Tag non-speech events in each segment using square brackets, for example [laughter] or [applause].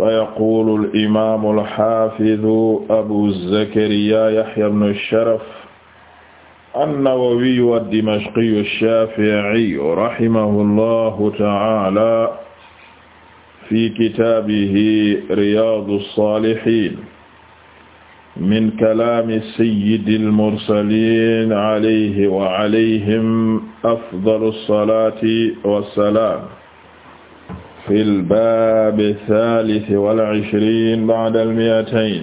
فيقول الإمام الحافظ أبو زكريا يحيى بن الشرف النووي الدمشقي الشافعي رحمه الله تعالى في كتابه رياض الصالحين من كلام سيد المرسلين عليه وعليهم أفضل الصلاة والسلام في الباب الثالث والعشرين بعد المئتين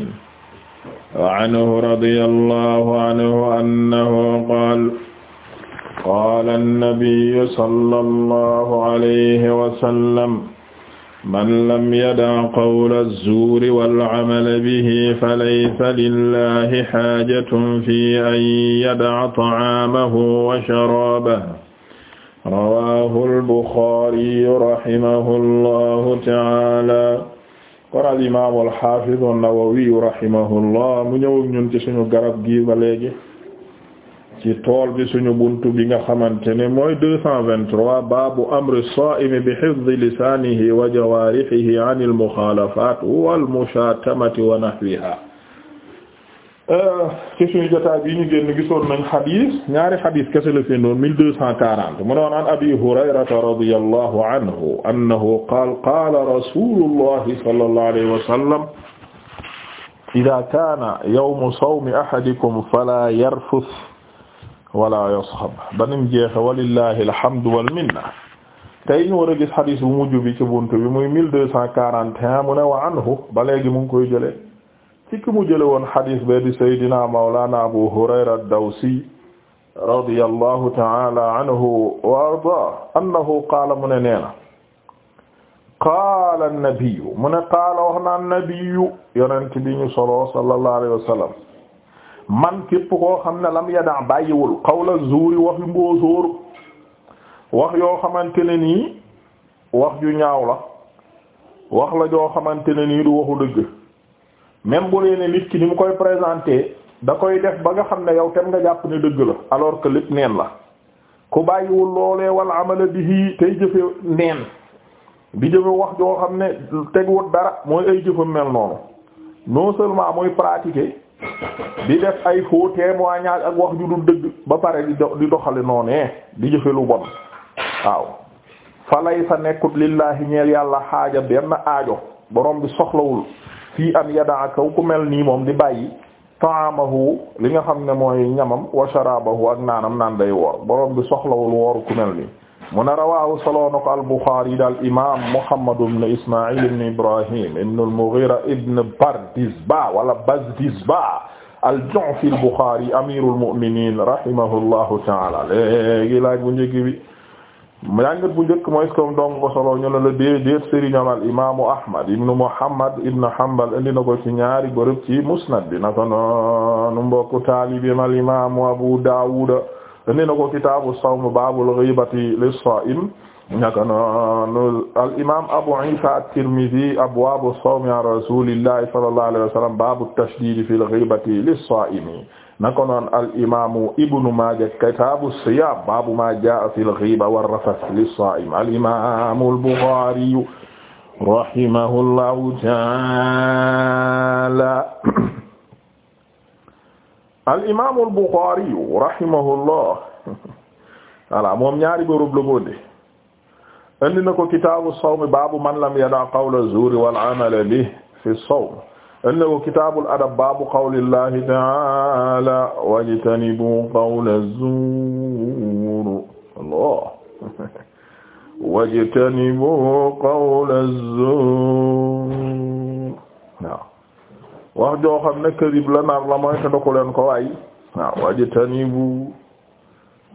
وعنه رضي الله عنه أنه قال قال النبي صلى الله عليه وسلم من لم يدع قول الزور والعمل به فليس لله حاجة في أن يدع طعامه وشرابه rawahul buxaari rahimahullahu taala kon al imaamu al xaafidu an-Nawawi rahimahullah mu ñëw ak ñun ci suñu garab gi ba léegi ci tool bi suñu buntu bi nga xamante ne mooy deux cent vingt-trois baabu amri as-saa'imi bi hifzi lisaanihi wa jawaarihihi anil muxaalafaat wal mushatamati wa nahwihaa Euh, ci suñu jotaay bi ñu génn gisoon nañ xadiis ñaari xadiis kese la fi doon mille deux cent quarante mu ne woon an abi hurayrata radiyallahu anhu annahu qaala qaala rasuulullahi sallallahu alayhi wa sallam idaa kaana yawmu sawmi ahadikum falaa yarfus walaa yasxab banim jeexe walillahi alhamdu wal minna tey ñu war a gis xadiis bu mujj bi ci bunt bi muy mille deux cent quarante et un mu ne wa anhu ba léegi mu ngi koy jëlee ci mu jële woon xadis ba di saydina mawlana abu hurayra dawsi radiyallahu ta'ala anhu wa ardah annahu qaala mu ne nee na qaala annabiyu mu ne qaala wax na annabiyu yonent bi ñu soloo sallallahu alayhi wa sallam man képp koo xam ne lam yadaa bàyyiwul qawla zuuri wax yu wax yoo xamante ne nii wax ju ñaaw la wax la joo xamante ne nii du waxu dëgg même bu lee ne nit ki ni mu koy présenté da koy def ba nga xam ne yow tem nga jàpp ne dëgg la alors que lépp neen la ku bàyyiwul loolee wala amala bihi tey jëfe neen di jëfe wax joo xam ne teguwut dara mooy ay jëfa mel noonu non seulement muy pratiquer di def ay faux témoignage ak wax ju dul dëgg ba pare di doxale noonee di jëfe lu bon waaw falay sa nekkut lillahi ñeel yàlla xaaja benn aajo borom bi soxlawul fii an yadaa kaw ku mel nii moom di bàyyi taamahu li nga xam ne mooy ñamam wa sharabahu ak naanam naan day woor borom bi soxlawul wooru ku mel nii mu ne rawaahu soloo na al-Bukhari daal imam Muhammad ibn Ismaïl ibn Ibrahim ibn al-Mughira ibn Bardizba wala Bazdizba al-Ju'fi al-Bukhari amirul mu'minin ta'ala léegi laaj bu njëkk bi jàngat bu njëkk mooy comme donc ko solo ñu ne la Ahmad ibnu Muhammad ibnu Hanbal indi na ko ci ñaari bërëb ci musnad bi na ko noonu mbokku taalibeem al imaamu Abu Daawud indi na ko kitaabu sawm baabul ghiibati lis-saa'im na ko noonu al imaam Abu Iisa at-Tirmidhi abwaabu sawmi an rasuulillahi sallallahu alayhi wa sallam baabu tashdiid fil ghiibati lis-saa'imi nako noon al imaamu ibnu Maaja kitaabu siyaam baabu maa jaa'a fil ghiiba war rafath lis-saa'im al imaamu al-Bukhaari rahimahullahu ta'aala al imaamu al-Bukhaari rahimahullah voilà moom ñaari bërëb la ko def indi na ko kitaabu sawm baabu man lam yada' qawla zuuri wal amala bihi fi sawm ëllëgo kitaabul adab baabu qawlillahi ta'ala wajtanibu qawla zuur Allah [laughs] wajtanibu qawla zuur waaw wax joo xam ne kërib la nar la mooy te ndoku leen ko waay waaw wajtanibu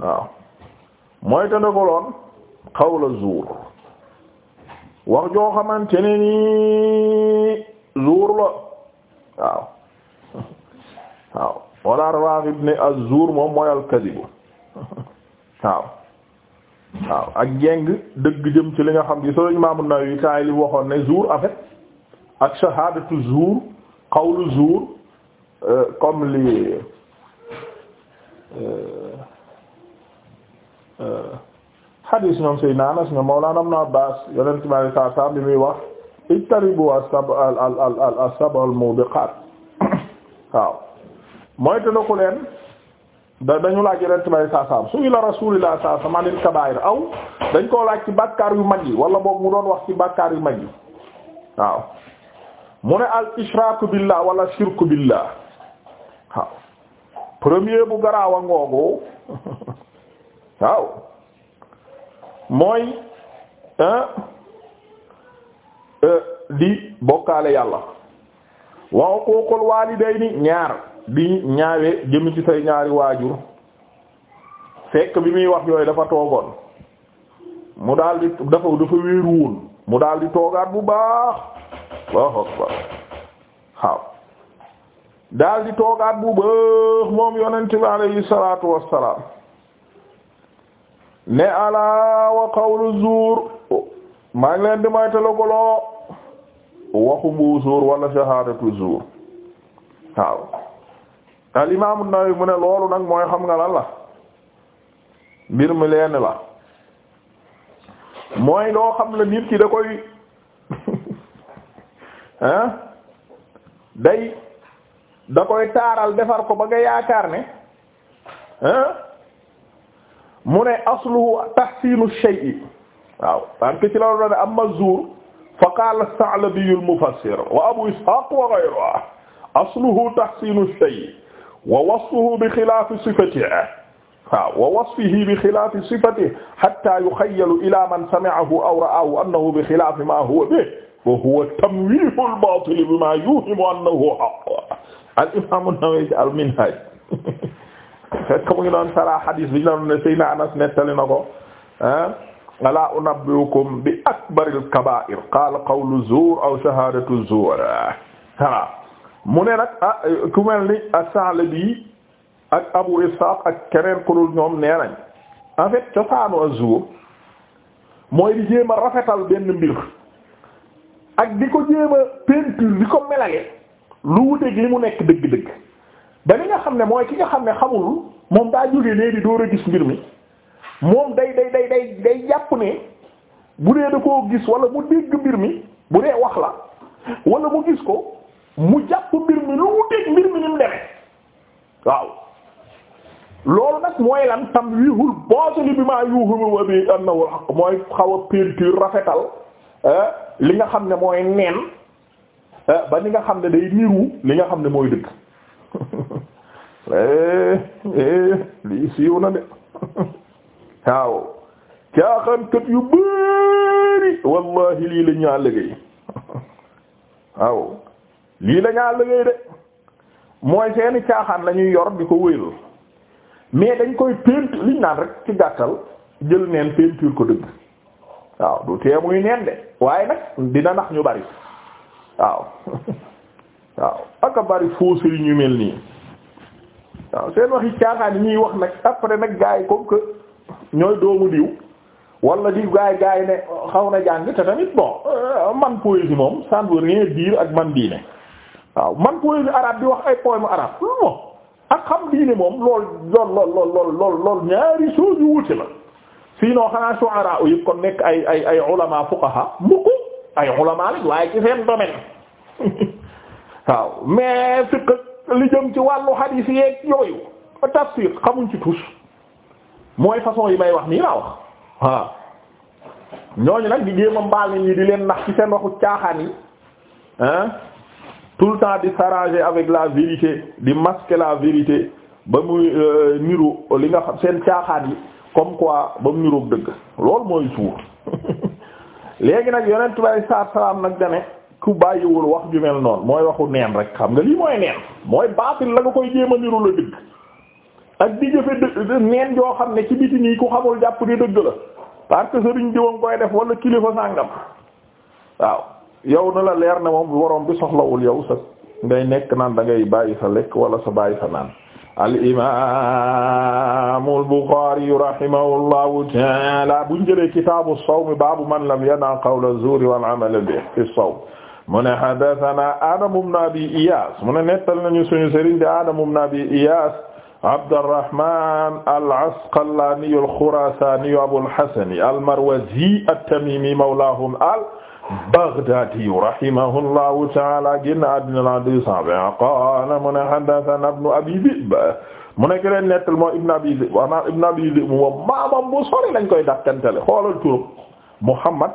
waaw mooy te ndoku loon qawla zuur wax joo xamante ne ni zuur la waaw waaw walla Raafid ne az-zuur moom mooy al waaw waaw ak jeng dëgg jëm ci li nga xam gi solo Imaam An-Nawawi taay li waxoon ne zuur en fait ak shahaadatu zuur qawlu zuur euh, comme li euh, euh, hadis ñoom Seydina Anas ñoom Mawlaana Ibn Abbaas yonent bi sallallahu alayhi wa sallam bi muy wax ijtanibu asab al al al asab al mubiqaat waaw mooy te na leen da dañu laaj yeneen tibay saasaam su ila rasulillah saasaam anil kabaayir aw dañ koo laaj ci bàkkaar yu mag yi wala boog mu doon wax ci bàkkaar yu mag yi waaw mu ne al ishraaku billah wala shirku billah waaw premier bu garaaw a ngoogu [laughs] waaw mooy Euh, di bokkaale yàlla wa uququl walidayni ñaar di ñaawee jëm ci ñaari waajur fekk bi muy wax yooyu dafa toogoon mu daal di dafa dafa wéeruwul mu daal di toogaat bu baax Allahu akbar waaw daal di toogaat bu baax moom yonent bi alayhi wa qawlu zuur maa ngi leen di may te logoloo waxu bu zuur wala shahadatu waaw al imam mu ne loolu nag mooy xam nga lan la mbir mi leen la mooy loo xam la nit ki da koy [laughs] day da koy taaral defar ko ba nga yaakaar ne mu ne asluhu tahsinu shay'i waaw parce que ci la doon ne amma zuur fa qaala as-Sa'labi al-mufassir wa Abu Ishaq wa ghayruhu asluhu tahsinu ash-shay' wa wasfuhu bi xilaafi sifatihi waaw wa wasfihi bi xilaafi sifatihi hatta yuxayyalu ila man sami'ahu aw ra'ahu annahu bi xilaafi ma huwa bihi wa huwa tamwiihu al-baatil bimaa yuuhimu annahu haqq al-imaam an-Nawawi ci al-Minhaaj fekk mu ngi doon sara hadiis bi ñu doon ne Seydina Anas nettali na ko ah alaa unabbi'ukum bi akbaril kabaa'ir qaala qawlu zuur aw shahaadatu zuur voilà mu ne nag ah ku mel ni as-Sa'labi ak Abu Ishaq ak keneen ku ñoom nee nañ cosaanu az mooy di jéem a rafetal benn mbir ak di ko jéem a peinture di ko melale lu wuteeg li mu nekk dëgg-dëgg ba li nga xam ne mooy ki nga xam ne xamul moom daa jógee léegi door a gis mbir mi. moom day day day day day jàpp ne bu dee da koo gis wala mu dégg mbir mi bu dee wax la wala mu gis ko mu jàpp mbir mi lu mu dégg mbir mi ni mu demee waaw loolu nag mooy lan tam wiixul boosali bi mooy xaw a peinture rafetal eh, li nga xam ne mooy neen eh, ba li nga xam ne day niru li nga xam ne mooy dëgg [laughs] eh, siiw na de [laughs] waaw caaxaankat yu bari wallahi lii la ñaa liggéey waaw lii la ñaa de mooy seeni caaxaan la ñuy yor di ko wéyal mais dañ koy peinture liñ naan rek ci gàttal jël neen peinture ko dëgg waaw du tee neen de waaye nag dina nax ñu bari waaw [laughs] waaw aka bari fausse yi ñu mel nii waaw seen waxi caaxaan yi ñuy wax nag après nag gaa comme que ñooy doomu diw wala di gaay gaay ne xaw na jàng te tamit bon euh, man poésie moom ça ne ak man diine waaw man poésie arabe di wax ay poème arabe bon ak xam diine moom lool lool lool lool lool ñaari choses yu wuute la sinon xanaa shu'ara yëpp kon nekk ay ay ay ulama fuqaha mukk ay ulama lañ waaye ci seen domaine [laughs] waaw mais fiqh li ci wàllu hadith yeeg yooyu xamuñ ci tous mooy façon yi may wax nii laa wax waaw ñooñu nag di jéem a mbaal nit ñi di leen nax ci seen waxu caaxaan yi hein tout le temps di s'arranger avec la vérité di masquer la vérité ba muy euh, niru li nga xam seen caaxaan yi comme quoi ba mu niroog dëgg loolu mooy suur [laughs] léegi nag yonent bay saat salaam nag dane ku bàyyiwul wax ju mel noonu mooy waxu neen rek xam nga lii mooy neen mooy baatil la nga koy jéem niru la dëgg ak di jëfe dë neen joo xam ne ci biti nii ku xamul jàpp ni dëgg la parce que sëriñ diwam koy def wala kilifa sàngam waaw yow na la leer ne moom borom bi soxlawul yow sa ngay nekk naan da ngay bàyyi sa lekk wala sa bàyyi sa naan al imaamul Buxaari rahimahullahu taala buñ jëlee kitaabu sawmi baabu man lam yanaa qawla zuuri wal amala bi fi sawm mu ne haddasanaa Aadamu ibn Abi Iyaas mu ne nettal nañu suñu sëriñ de Aadamu ibn Abi Iyaas Abdurrahman al-Asqalani al-Khurasani Abul Hasan al-Marwazi at-Tamimi mawlahum al-Baghdadi rahimahullahu ta'ala génn àddina la 220 qaala mu ne haddathana ibnu Abi Dhi'b mu nekk leen nettal moo Ibn Abi Dhi'b maanaam Ibn Abi Dhi'b moom maamam bu sori lañ koy dàkkantele xoolal turam Muhammad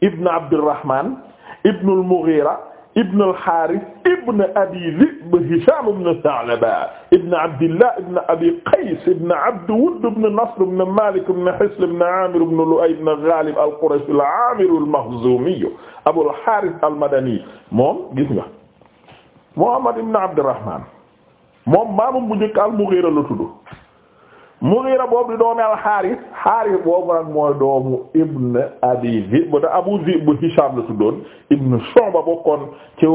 ibn Abdurrahman ibn al-Mughira ibn al-Harith ibn Abi Dhi'b Hisham ibn Tha'laba ibn Abdillah ibn Abi Qays ibn Abd Wudd ibn Nasr ibn Malik ibn Hisl ibn Amir ibn Lu'ay ibn Ghalib al-Qurashi al-Amiri al-Makhzumi Abu al-Harith al-Madani moom gis nga Muhammad ibn Abd al-Rahman moom maamam bu njëkk al-Mughira la tudd Mughira boobu di doomi al-Haaris Haaris boobu nag mooy doomu Ibn Abi Zib bu Abu Zib bu Hishaam la tuddoon Ibn Shu'ba bokkoon ci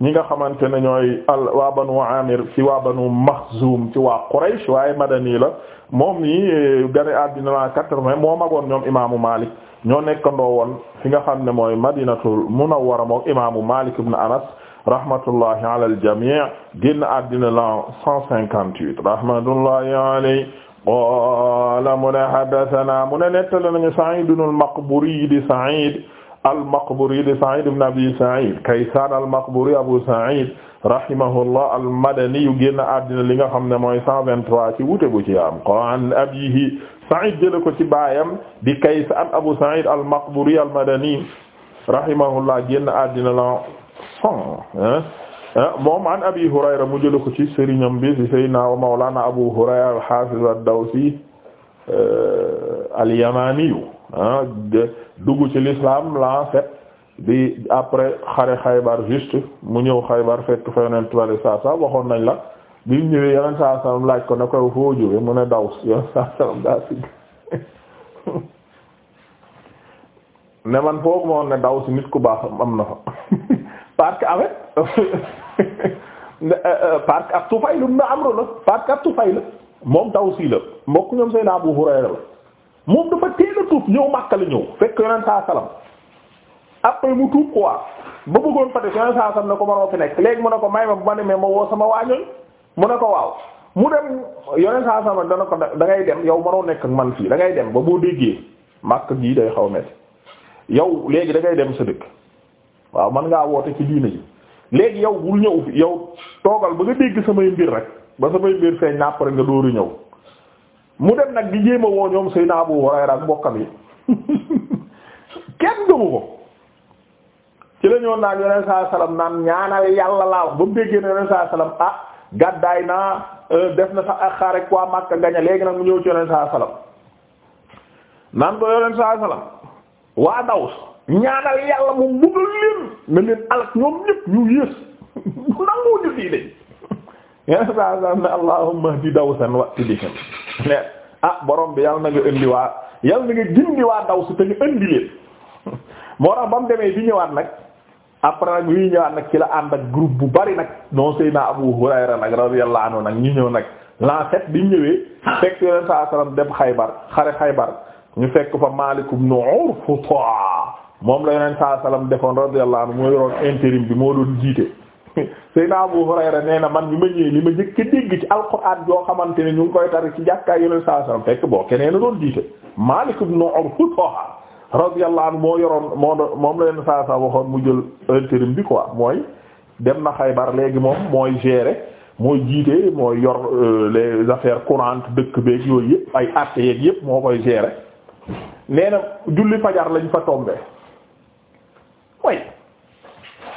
ñi nga xamante ne ñooy al waa Banu Aamir si waa Banu Maxzuum ci waa Quraysh waaye madani la moom nii eh, gane àddina la quatre-vingt moo magoon ñoom imaamu Maalik ñoo nekkandoo woon fi nga xam ne mooy Madinatul Munawwara mook imaamu Maalik ibn Anas rahmatullahi ala al-jamii' génn la cent cinquante qaala mu ne haddasanaa mu ne nettali nañu Sa'iid al-Maqburi di Sa'iid al-Maqburi di Sa'iid ibn Abi Sa'iid Kaysaan al-Maqburi Abu Sa'iid rahimahullah al-Madani yu génn àddina li nga xam ne mooy 123 ci wuute bu ci am an abiihi Sa'iid jëlee ko ci baayam di Kaysaan Abu Sa'iid al-Maqburi al-Madani rahimahullah génn àddina la 100 Eh, moom an abi hurayra mu jële ko ci sëriñam bi ci sayyidina wa mawlana abu hurayra al-hafiz ad-dawsi eh, al-yamaniyu ah, dugg ci l'islam la fet bi après xare xaybar juste mu ñëw xaybar fekk fa yonent bari saa saa waxoon nañ la bi mu ñëwee yonent saa saa laaj ko ne koy foo jóge mu ne daws [laughs] yonent saa daa sigg [laughs] ne man foog moom ne daws nit ku baax am na fa [laughs] parce que avec Euh, euh, parce que ab Tufayl ibn Amr la parce que ab Tufayl moom Dawsi la mbokk ñoom Seydina Abu Hurayra la moom dafa teel a tuub ñëw Makka la ñëw fekk Yonent saa après mu tuub quoi ba bëggoon fa def Yonent saa salaam ne ko mënoo fi nekk léegi mu ne ko may ma bu ma demee ma woo sama waañoñ mu ne ko waaw mu dem Yonent saa salaam dana ko da ngay dem yow mënoo nekk ak man fii dangay dem ba boo déggee Makka gii day xaw a yow léegi da ngay dem sa dëkk waaw mën woote ci diina ji. léegi yow bul ñëw yow toogal ba nga dégg samay mbir rek ba samay mbir feeñ na après nga dooru ñëw mu dem nag di jéem a woo ñoom Seydina Abu Hurayra ak mbokkam yi [laughs] kenn gëmu ko ci la ñoon naan yoneen saa salaam naan ñaanal yàlla laa ba mu déggee ne yoneen saa naa def na sax ak léegi nag mu ñëw ci ko yoneen saa salaam waa Daws ñaanal yàlla mu mbugal leen na leen alak ñoom ñëpp ñu yées [laughs] nangu ñu fii de di dawsan wa ti bihim ah borom bi yàlla na nga indi waa yàlla na nga gindi waa daw si te ñu indi leen [laughs] moo tax ba mu demee di ñëwaat nag après nag yuy ñëwaat nag ci la ànd ak groupe bu bari nag non Seydina Abu Hurayra nag radiyallahu anhu nag ñu ñëw nag lan set bi ñu ñëwee fekk yoneen saa sallam dem Xaybar xare Xaybar ñu fekk fa Maalik ibn Urfuta moom la yonent saa salaam defoon radiyallahu anhu moo yoroon intérim bi moo doon jiite [laughs] Seydina Abu Hurayra nee na man bi ma ñëwee li ma njëkk dégg ci alquran yoo xamante ne ñu ngi koy tari ci jàkkaay yonent saa salaam fekk boo keneen a doon jiite Maalik ibn Urwa radiyallahu anhu moo yoroon moo moom la yonent saa salaam waxoon mu jël intérim bi ko mooy dem na Xaybar léegi moom mooy gérer mooy jiite mooy yor euh, les affaires courantes dëkk beeg yooyu yëpp ay actes yëpp moo koy gérer nee na julli fa tombé. way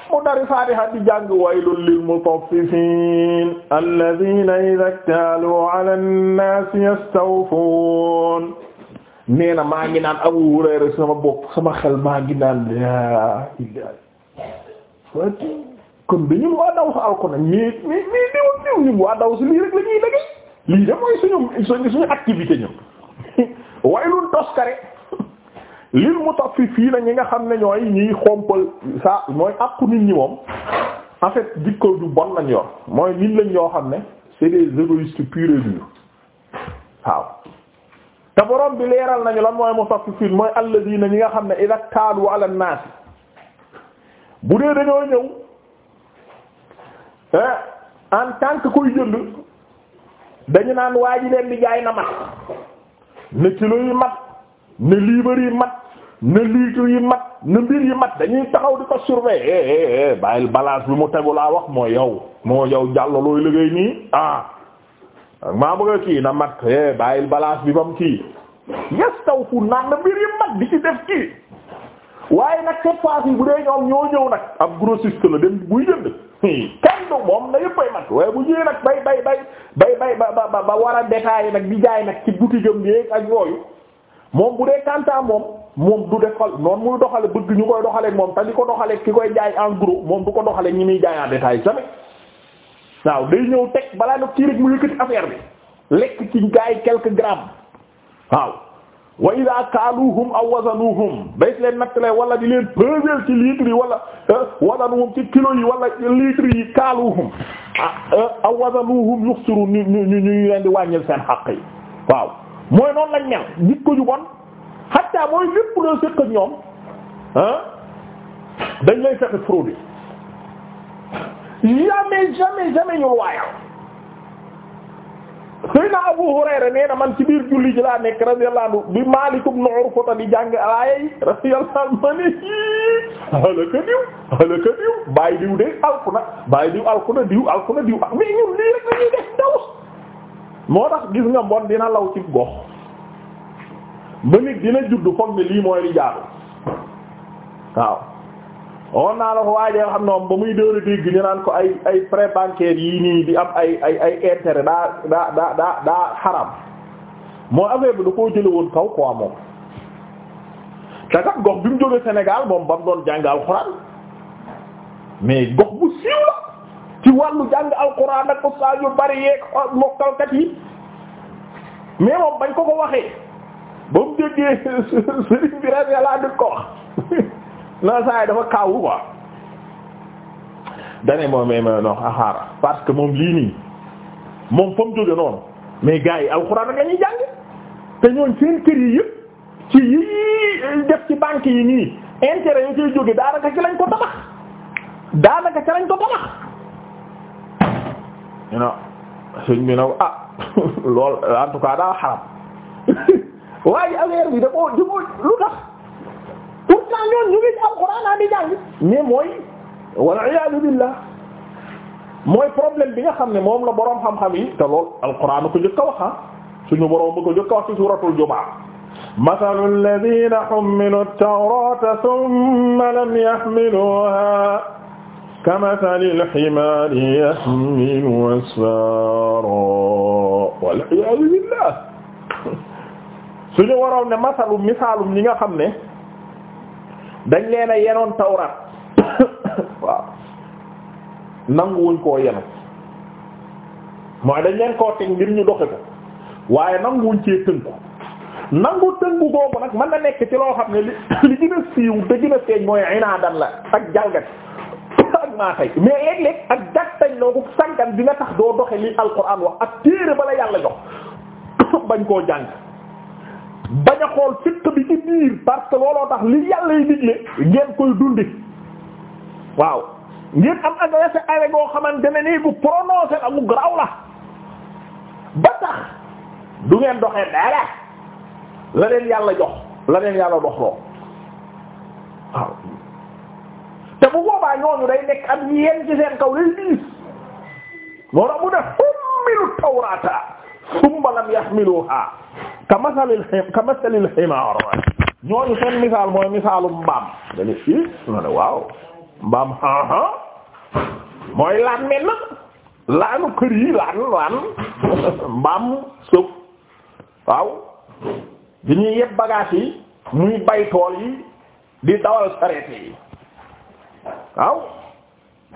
mu dari fatiha di jàng waylul lil mutaffifin alladhina idha iktalu ala an-nas yastawfun nee na maa ngi naan Abu Hurayra sama bopp sama xel maa ngi naan laa ilaaha kon bi ñun waa daw sa alko mii mii mii diw diw ñun waa daw si lii rek la ñuy lii de mooy suñu suñu activité ñun [laughs] waylun toskare lil mutaffifiina ñi nga xam ne ñooy ñiy xompal saa mooy àqu nit ñi moom en fait jikko du bon lañ yor mooy nit lañ yoo xam ne c'est des égoïstes purs et durs waaw te borom bi leeral nañu lan mooy mutaffifiin mooy na ñi nga xam ne idaa kaalu ala naas bu dee dañoo ñëw eh, en tant que kuy jënd dañu naan waa ji leen di jaay na mat ne kilo yi mat ne liibar yi mat na litre yi mat na mbir yi mat dañuy taxaw di ko surveiller eh, eh, eh, bàyyil balaas bi mu tegu laa wax moo yow moo yow jàllo looy liggéey nii ah maa bëgg a kii na mat bàyyil balaas bi ba mu kii yastawfu naan na mbir yi mat di ci def kii waaye nag cette fois ci bu dee ñoom ñoo ñëw nag ab grossiste la dem buy jënd kenn du moom na yëppay mat waaye bu ñëwee nag bay bay bay bay bay ba ba ba war nag bi jaay nag ci boutique am bi ak yooyu moom bu dee kantaa moom moom du defal noonu muy doxale bëgg ñu koy doxaleeg moom te di ko doxaleeg ki koy jaay en moom du ko doxaleeg ñi muy jaay en détail jamais waaw day ñëw teg balaa nga kii rek mu yëkkati affaire bi lekk ci gaay quelques grammes waaw wa ida kaaluhum aw wazanuhum days leen nattale wala di leen peser ci litres yi wala euh, wazanuhum ci kilo yi wala litres yi kaaluhum ah, euh, aw wazanuhum yuxsiru ñu ñu ñu leen di wàññil seen xaq yi waaw mooy noonu lañ mel nit ko ju bon xatta mooy lépp loo sëq ak ñoom ah dañ lay fexe fraude jamais jamais jamais ñu waayal Seydina Abu Hurayra nee na man ci biir julli ji laa nekk radiyallahu anhu bi Maalik ibn Urfa di jàng aayay radiyallahu anhu ma ne halaka diw halaka diw bàyyi diw de alku na diw alku diw alku diw mais ñun lii rek la ñuy def moo tax gis nga mbon dina law ci gox ba nit dina juddu foog ni lii mooy li jaadu waaw on naa la ko waajee xam ne ba muy dóor a ñu naan ko ay ay prêt bancaire yii nii di am ay ay ay daa daa daa daa daa xaram moo affaire bi da koo jële woon kaw quoi moom te kat gox bi mu jógee Sénégal moom ba mu doon jàngal Alxuraan mais gox bu siiw ci wàllu jàng alquran ak ustaas yu bari yeeg mokkalkat yi mais moom bañ ko ko waxee ba mu déggee sëriñ bi rek yàlla dut ko wax non saa dafa kaawu quoi. dane moom mais mais non xaaral parce que moom lii nii moom fa mu jóge noonu mais gars yi alxuraan ak la ñuy jàng te ñooñ seen kër yi yëpp ci yii def ci banque yi nii intérêt yi ciy jóge daanaka ci lañ ko tabax daanaka ci lañ ko tabax. ñu na sëñ bi nag ah [laughs] lool en tout cas daa xaram [laughs] waaye affaire bi da koo da koo lu tax pourtant ñoon ñu ngi alxuraan a di jàng mais mooy wal iyaadu billah mooy problème bi nga xam ne moom la boroom xam-xam yi te lool alxuraan ko jëkk a wax ah, suñu boroom bu ko jëkk a wax ci suuratul jumaa مثل الذين حملوا التوراة ثم لم يحملوها kamasalil ximaari yahmilu asfaara wal iyaazu billaah suñu waroon ne masalu misaalum ñi nga xam ne dañ leen a yenoon tawraat waaw nanguwuñ koo yenu mooy dañ leen koo teg ngir ñu doxe ko waaye nanguwuñ cee tënku nangu tënku googu nag mën na nekk ci loo xam ne li li gën a siiw te gën a feeñ mooy inaadan la ak jalgati ak maa tey mais léeg-léeg ak gàttañ loogu sànkan dina tax doo doxe li alquran wax ak téere bala yàlla jox [coughs] bañ koo jàng bañ a xool fiq bi ci biir parce que looloo tax li yàlla yi digle ngeen koy dundi waaw ngeen am agressé arrêt goo xamante ne nii bu prononcé la mu graw la ba tax du ngeen doxee dara la leen yàlla jox la leen yàlla dox loo waaw boobaa ñooñu day nekk am yeen ci kaw lay diis moo tax mu ne hummilu tawraata summa lam yahmiluha ka masalil ka masalil himaar ñooñu seen misaal mooy misaalu mbaam dane i ma ne waaw mbaam aa mooy laan mel na laanu kër yi laan laan mbaam sëf waaw di ñuy yeb bagage yi bay tool yi di dawal sareet waaw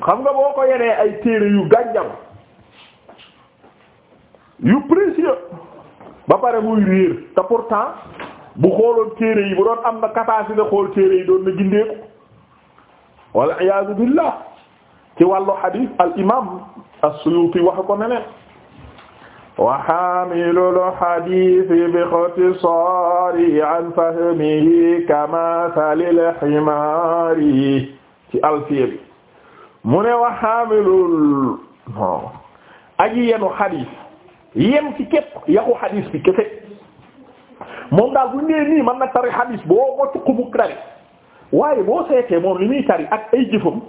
xam nga boo ko yenee ay téere yu gànjam yu précieux ba pare muy réer te pourtant bu xooloon téere yi bu doon am na capacité xool téere yi doon na gindeeku walla iyaazu billaah ci wàllu xadiis al imaam as-Suyuuti wax ko neneen wa xaamilul xadiisi bi ixtisaari an fahmihi kamathalil ximaari ci alfiya bi mu ne wa xaamilul non aji yenu xadiis yem ci képp yaxu xadiis bi kese moom daal bu nee nii man nag tari xadiis boo ko cuq mu tari waaye boo seetee moom li muy tari ak ay jëfam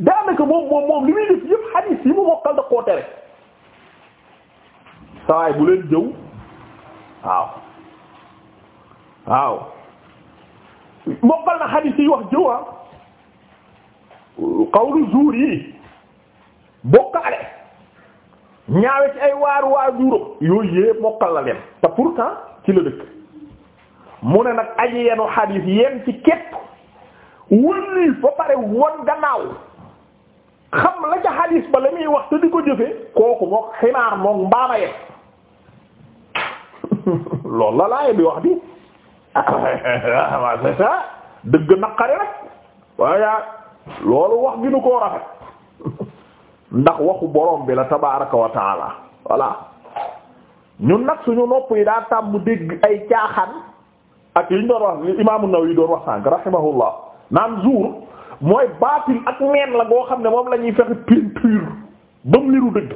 daanaka moom moom moom li muy def yëpp xadiis yi mu mokkal da koo tere sawaay bu leen jëw waaw waaw mokkal na xadiis yi wax jëwa ah. xawlu zuur yi bokkaale ñaawe ci ay waaru waa juróom yooyu yëpp mokkal la leen te pourtant ci la dëkk mu ne nag aji yenu xadiis yem ci képp wëlli ba pare won gannaaw xam la ca xadiis ba la wax te di ko jëfe kooku mook ximaar mook mbaama yem [laughs] loolu la laay bi wax bi [laughs] dëgg naqari rek waaye loolu wax gi nu koo rafet ndax waxu borom bi la tabaaraka wa taala voilà ñun nag suñu nopp yi daa tàmm dégg ay caaxaan ak yu ñu doon wax li imaamu Nawawi doon wax sànk rahimahullah naan zuur mooy baatil ak neen la goo xam ne moom lañuy ñuy fexe peinture ba mu dëgg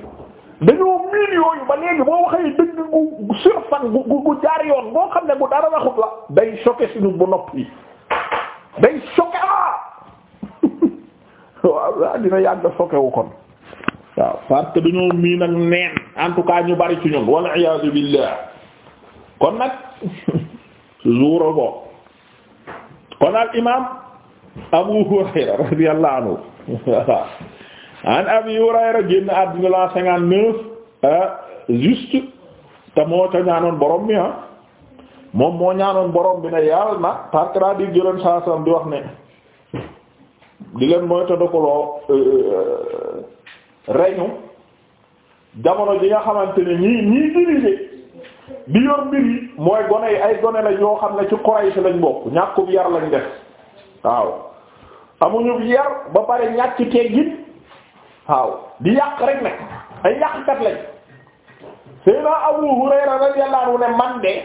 dañoo miin yooyu ba léegi boo waxee dëgg gu gu gu jaar yoon boo xam ne bu dara waxut la day choqué suñu bu nopp yi day choqué waaw dina yàgg sokewu kon waaw parce dañoo miin ak neen en ñu bari ci ñun wal iyaazu billah kon nag suura [laughs] ko kon al imaam Abu Hurayra radiyallahu anhu [laughs] an Abi Hurayra génn àdduna la cinquante-neuf euh, juste te moo ca ñaanoon borom mi ah moom moo ñaanoon borom bi ne yàlla na parce que daa saa saa di wax ne. di leen moyta dokaloo euh, euh, reñu jamono ji nga xamante ne ñii ñii dirigé di yor mbir mooy gone ay gone la yoo xam ne ci Quraysh lañ bokk ñàkkub yar lañ def waaw amuñu yar ba pare ñàkk teggin waaw di yàq rek nag ay yàqkat lañ Seydina Abu Hurayra radiyallahu anhu ne man de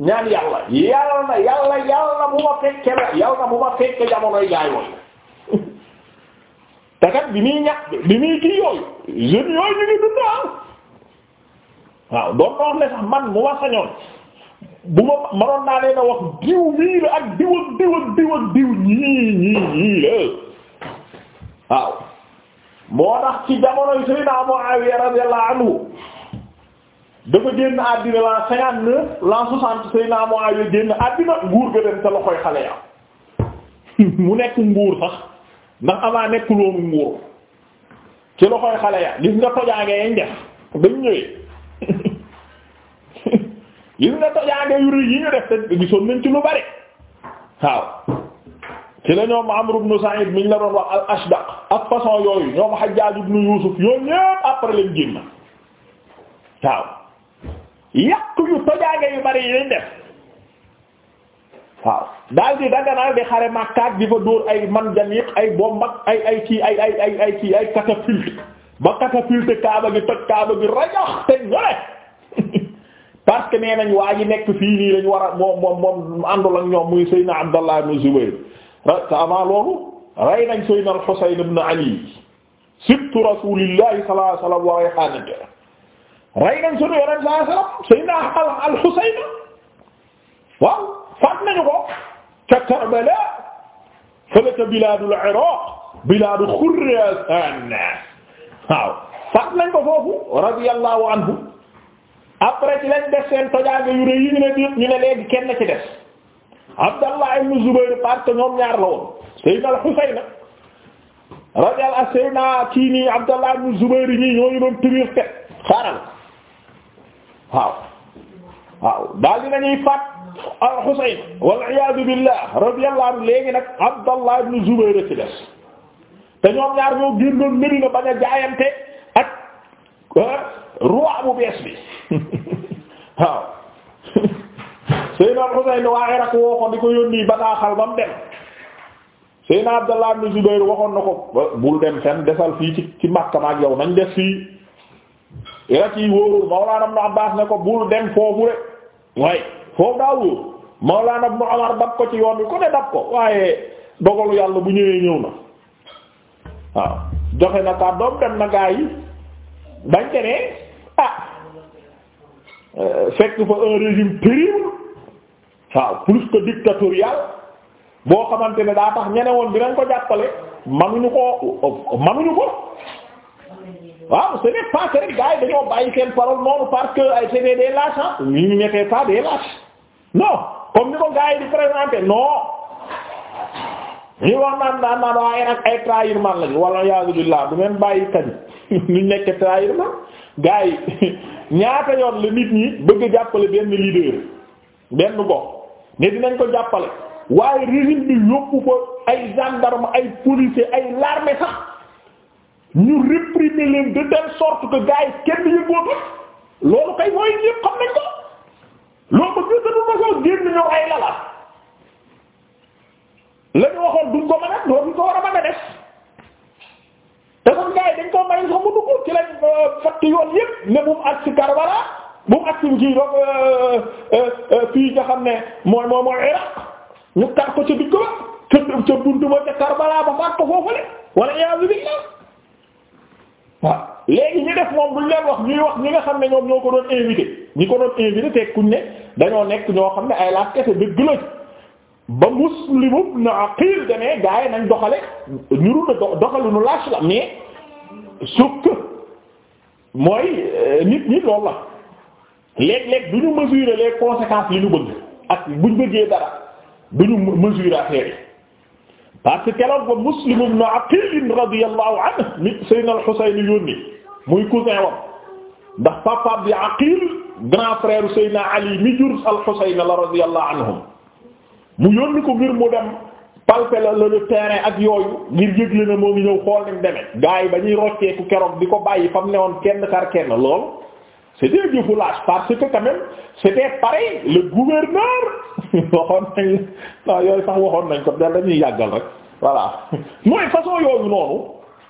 ñaan yàlla yàlla na yàlla yàlla na bu ma fekke la yàlla na bu ma fekke jamonoy gaay woon te bi muy ñàkk bi muy kii yooyu jeunes yooyu ñu ngi dund waaw doon na wax ne sax man mu ma sañoon bu ma mënoon naa leen a wax diw mii la ak diw ak diw ak diw ak diw ñii ñii ñii la waaw moo tax ci jamonoy Sayyidina Muawiya radiyallahu anhu génn àddina nguur ga dem sa loxoy xale ya [laughs] mu nekk nguur sax ndax avant nekkul woon nguur ci loxoy xale ya gis nga tojaange yañ def bañ ñëwee gis nga tojaange yu rëy ñu def te gisoon ci lu bari waaw ci la ñoom Amr ibn Sa'id miñ la wax al Ashdaq ak façon yooyu ñoom Hajjaj ibn Yusuf yooyu ñëpp après lañ génn waaw yàq yu tojaange yu bari yi lañ waaw daal di daganal di xare makkaat di fa dóor ay man janiq ay bomb ay ay kii ay ay ay ay kii ay catapulte ba catapulte kaaba gi toj gi rajax te ñore [laughs] parce que nee nañ waa ji nekk fii nii lañ war a moom moom muy Seydina Abdallah ibn Zubayr avant loolu rey nañ Seydina al-Husayn ibn Ali sibtu rasulillahi sallallahu alayhi wa sallam wa rayhanata rey nañ sunu yonent sallallahu alayhi wa sallam Seydina al-Husayn faat nañu ko ca Karbala fële ca bilaadul Iraq bilaadu Xurasaan waaw faat nañ ko foofu radiyallahu anhu après ci lañ def seen tojaange yu rëy yi ñu ne kenn ci des Abdallah ibn Zubayr parce que ñoom ñaar la woon Sayyidina al-Husayn radiyallahu anhu Sayyidina kii nii Abdallah ibn Zubayr ñii ñooñu doon turir te xaaral waaw Ah Husayn wal iyaadu billah radiyallahu anhu léegi nag Abdallah ibn Zubayr ci des te ñoom ñaar ñoo génnoon Medina bañ a jaayante ak ah, roi bu bees bi [laughs] waaw [laughs] Seydina Husayn waa Iraq woo ko di ko yónni bataaxal ba mu dem Seydina Abdallah ibn Zubayr waxoon na ko bul dem fenn desal fii ci ci yow nañ des fii Iraq yi wóorul Mawlaana Ibn Abbaas ne ko bul dem foofu rek waaye foofu daa wóor Mawlana Ibn Umar dab ko ci yoon bi ku ne dab ko waaye dogalu yàlla bu ñëwee ñëw na waaw joxe na kaa doom dem na gaa yi bañ te ne ah fekk fa un régime terrible waaw plus que dictatorial boo xamante ne daa tax ñene woon dinañ ko jàppale manuñu ko manuñu ko waaw ce n'est pas que rek gaa yi dañoo bàyyi seen parole noonu parce que ay c'était des lâches ah, ñu n'étaient pas des lâches non comme ni ko gars yi di présenté non ñu wax naan naan naan waaye nag ay trahir man lañu wala yasubillah du ngeen bàyyi kañ [laughs] ñu nekk trahir man yi [laughs] ñaata yoon la nit ñi bëgg jàppale benn leader benn gox ne dinañ ko jàppale waaye régime bi yóbbu ko ay gendarme ay policier ay l'armée sax ñu leen de telle sorte que gars yi kenn yëngoon loolu kay mooy ñépp xam nañ ko. loolu ba gis nga mosoo génn ñoom ay lala la waxoon duñ ko mën a loolu ko war a mën a def te kon gars yi dañ koo may sax mu dugg ci lañ euh, fàtte yoon yépp ne bu mu àgg si Karbala bu mu àgg si kii donc euh, euh, fii nga xam ne mooy mooy mooy Iraq ñu ko ca digg ba ca ca buntu ba ca Karbala ko foofule wala iyaazu billah waaw léegi ñu def moom duñ leen wax ñuy wax ñi nga xam ne ñoom ñoo ko doon invité. ñi ko doon invité tekkuñ ne dañoo nekk ñoo xam ne ay laaj kese dëgg la ba Muslim ibn Aqil demee gaa nañ doxale ñu ru na doxalu nu laaj la mais sukk mooy euh, nit ñi loolu la léeg-léeg du ñu mesurer les conséquences li ñu bëgg ak buñ bëggee dara duñu ñu mesurer affaire yi parce que keroog ba Muslim ibn Aqil radiyallahu anhu mi Sayyidina al muy cousin wam ndax papa bi Aqil grand frère Seydina Ali mi jur al-Husayn la radiyallahu anhum mu yónni ko ngir mu dem palper la le terrain ak yooyu ngir yëgle na moo ngi xool ni mu demee ba ñuy rocceeku keroog di ko bàyyi fa mu newoon kenn kar kenn lool c'était du foulage parce que quand même c'était pareil le gouverneur [laughs] waxoon nañ waaw yooyu sax waxoon ko daal dañuy yàggal [laughs] yooyu noonu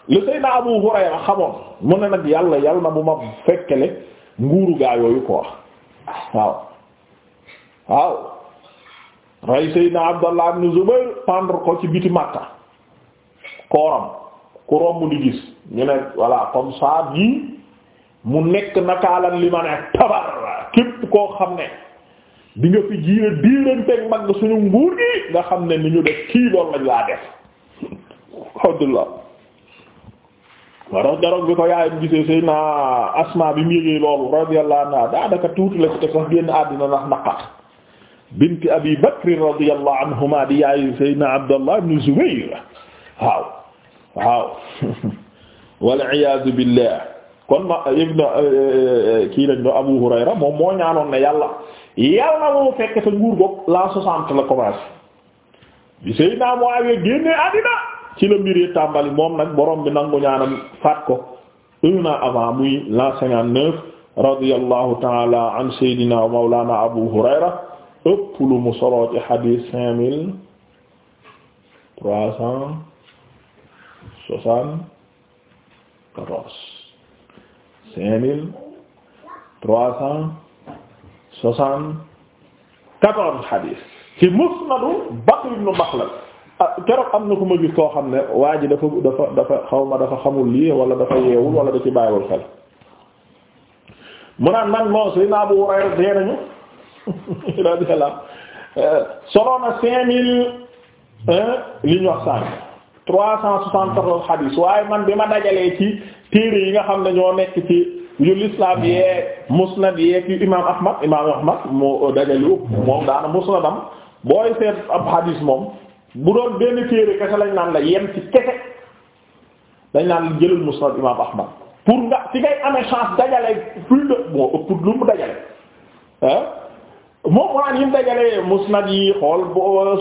le Seydina Abu Hurayra xamoon mu ne nag yàlla yàlla na bu ma fekkele nguuru gaa yooyu ko wax waaw waaw rey Seydina Abdallah ibn Zubayr pendre ko ci biti Makka kooram ku romb di gis ñu ne voilà comme ça bii mu nekk nakaalan li ma tabar képp koo xam ne di nga fi jiira diiranteeg mag suñu nguur gi nga xam ne ni ñu def kii loolu lañ laa def [laughs] alhamdulillah moo tax daroog bi ko yaayam gisee sëy naa asma bi mu yégee loolu radiyallahu anha daanaka tuuti la ci teg sax génn àddina ndax naqar binti abi bakr radiyallahu anhuma di yaayu sayyidina abdallah ibn zubayr waaw waaw [laughs] wal iyaadu billah kon ma ibna eh, eh, kii lañ do abu hurayra moom moo ñaanoon ne yàlla yàlla moo fekk te nguur goog la soixante la commencé bi sayyidina muawiya génnee àddina ci la mbir yi tàmbali moom nag borom bi nangu ñaanam faat ko un an avant muy l'an cinquante taala an seydina wa mawlana mu solo ci xadiis cinq mille trois cent soixante-quatorze cinq mille trois cent soixante bakr ibn makhlad Ah, keroog am na ku ma gis koo xam ne waa ji dafa dafa xawma dafa xamul lii wala dafa yeewul wala da ci bàyyiwul xel naan man moom si naa bu Hurayra dee nañu [laughs] radiyallahu solo na cinq mille li ñu wax trois cent soixante-quatorze hadith waaye man bi ma dajalee ci téere yi nga xam ne ñoo nekk ci yu lislaam yee musnad yeeg yu imaam ahmad imaam ahmad mu dajale moom daana musnadam booy seet ab hadith moom bu doon benn téere kese lañ naan la yem ci kese dañ naan jëlal musnad imam ahmad pour nga ci ngay amee chance dajale plus de moo ëpp lu mu dajale ah moom waan yi mu dajalee musnad yi xool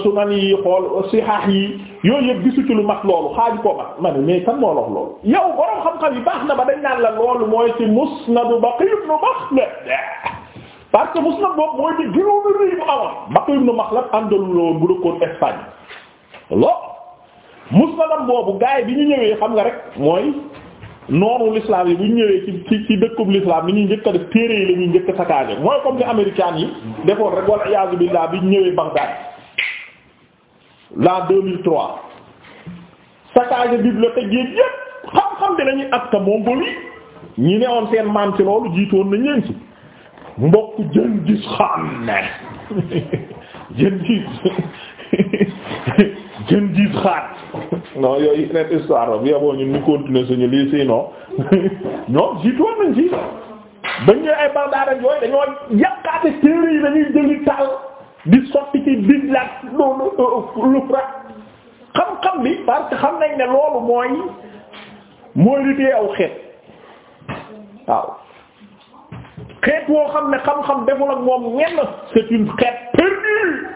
sunan yi xool sihah yi yooyu yëpp gisu ci lu mat loolu xaaju koo mat ma mais kan moo lox loolu yow borom xam-xam yi baax na ba dañ naan la loolu mooy ci musnadu Baqi ibn Makhlad musnad boobu mooy di gënoon a rëy bu amoon Baqi ibn Makhlad bu dëkkoon Espagne lo musnadam boobu gaay bi ñu ñëwee xam nga rek mooy noonu lislaam yi bu ñu ñëwee ci ci ci dëkkub ni ñuy njëkk a def téere yi la ñuy njëkk a saccagé mooy comme ni américains yi defoon rek wala iyaazu billah bi ñu ñëwee Bagdad l'an 2003 saccagé bibliothèque yépp xam-xam bi lañuy ak ta Mongolie ne woon seen maam ci loolu jiitoon nañ leen ci mbokk Genghis Khan Genghis [laughs] kenn gis xaat non yooyu yeneen histoire bi yaboo ñun ñu continuer suñu lii si [laughs] ñoom jiitoon nañ ci bañ ay Bagdad ak yooyu dañoo yàqaate téere yi dañuy jëli taal di sotti ci biir laaj euh, lu lu xam-xam bi parce que xam nañ ne loolu mooy mooy li aw xeet waaw xeet woo xam ne xam-xam deful ak moom ñenn c'est une xeet perdue.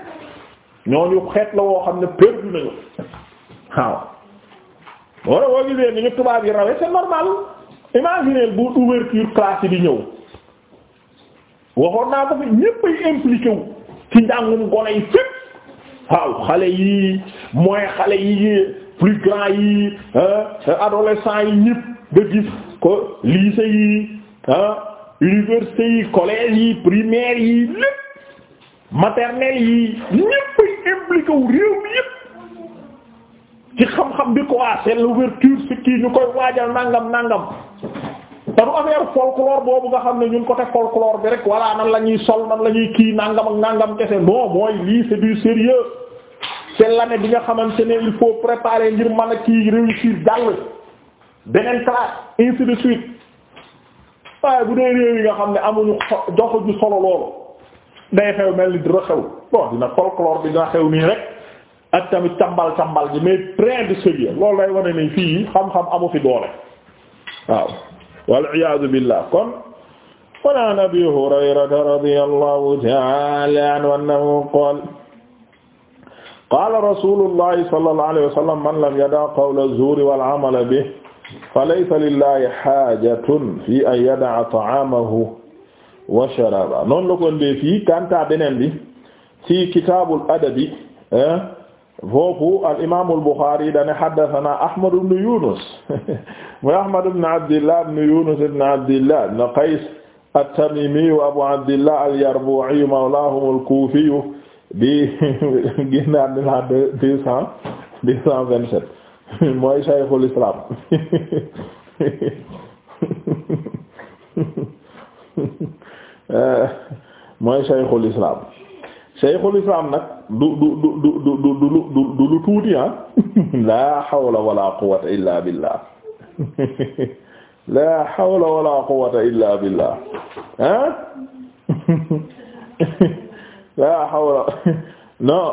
ñooñu xeet la woo xam ne perdu nañu waaw wala boo gisee ni ñu tubaab yi rawee c'est normal imaginez bu ouverture classe yi di ñëw waxoon naa ko fi ñépp ay impliqué njàngum gone yi fépp waaw xale yi mooy xale yi plus grand yi adolescent yi ñépp da gis lycée yi université yi collège yi primaire yi lépp maternelle yi ñépp impliqué wu réew mi yëpp ci xam-xam bi ko waa c'est l'ouverture si kii ñu koy waaja nangam nangam te du affaire folklore boobu nga xam ne ñun côté folklore bi rek walla nan la ñuy sol nan la ñuy kii nangam ak nangam kese non mooy lii c'est du sérieux c'est l'année bi nga xamante ne il faut préparer ngir mën a kii réussir jàll beneen classe ainsi de suite bu dee réew yi nga xam ne amuñu joxu solo loolu. day xew mel ni dina xew bon dina folklore bi dina xew nii rek ak tamit càmbal càmbal ji mais très de sérieux loolu lay wane ni fii xam-xam amu fi doole waaw wal iyaadu billah kon wa an abi hurayrata radiyallahu ta'ala anhu annahu qaala qaala rasuulullahi sallallahu alayhi wa sallam man lam yada' qawla zuuri wal amala bihi fa laysa lillahi haajatun fi an yada'a ta'aamahu wa sharaba noonu la ko ndee beneen bi ci kitaabul adabi foofu al imaam al Buxaari dane haddathana Ahmad ibn Yunus [laughs] muy Ahmad ibn Abdillah ibn Yunus ibn Abdillah ibn Qays at-Tamimi Abu Abdillah al-Yarbu'i mawlahum al-Kufi di [laughs] génnaat na deux cent [laughs] mooy Shaykhul Islam Eh, mooy shaykhul islam shaykhul islam nag du du du du du du du du lu tuuti ah laa [laughs] hawla wala quwwata illa billah laa [laughs] hawla wala quwwata illa billah ah laa [laughs] hawla non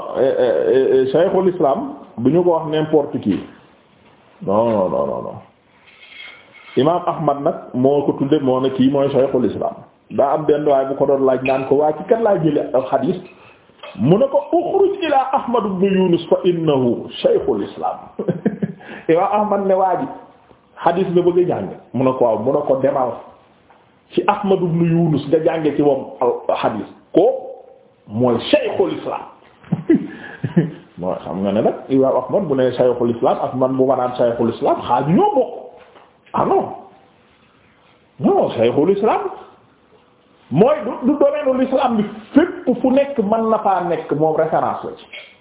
shaykhul eh, eh, islam bu ñu ko wax n'importe qui non non non non imam ahmad nag moo ko tudde moo ne kii mooy shaykhul islam daa am benn waay bu ko doon laaj naan ko waa ci kan laa jële al xadiis mu ne ko uxruj ilaa ahmad ibn [laughs] ne waa xadiis nga bëgg a jàng mu ne ko waaw mu ne ko demal ci ahmad ibn yunus nga jànge ci moom al xadiis ko mooy shaykhul islam [laughs] mooy xam nga ne nag imaam ahmad bu ne shaykhul islam ak man bu manaan shaykhul islam xaaj ñoo bokk ah non non shaykhul islam mooy du du domaine l'islam bi fépp fu nekk mën na faa nekk moom référence la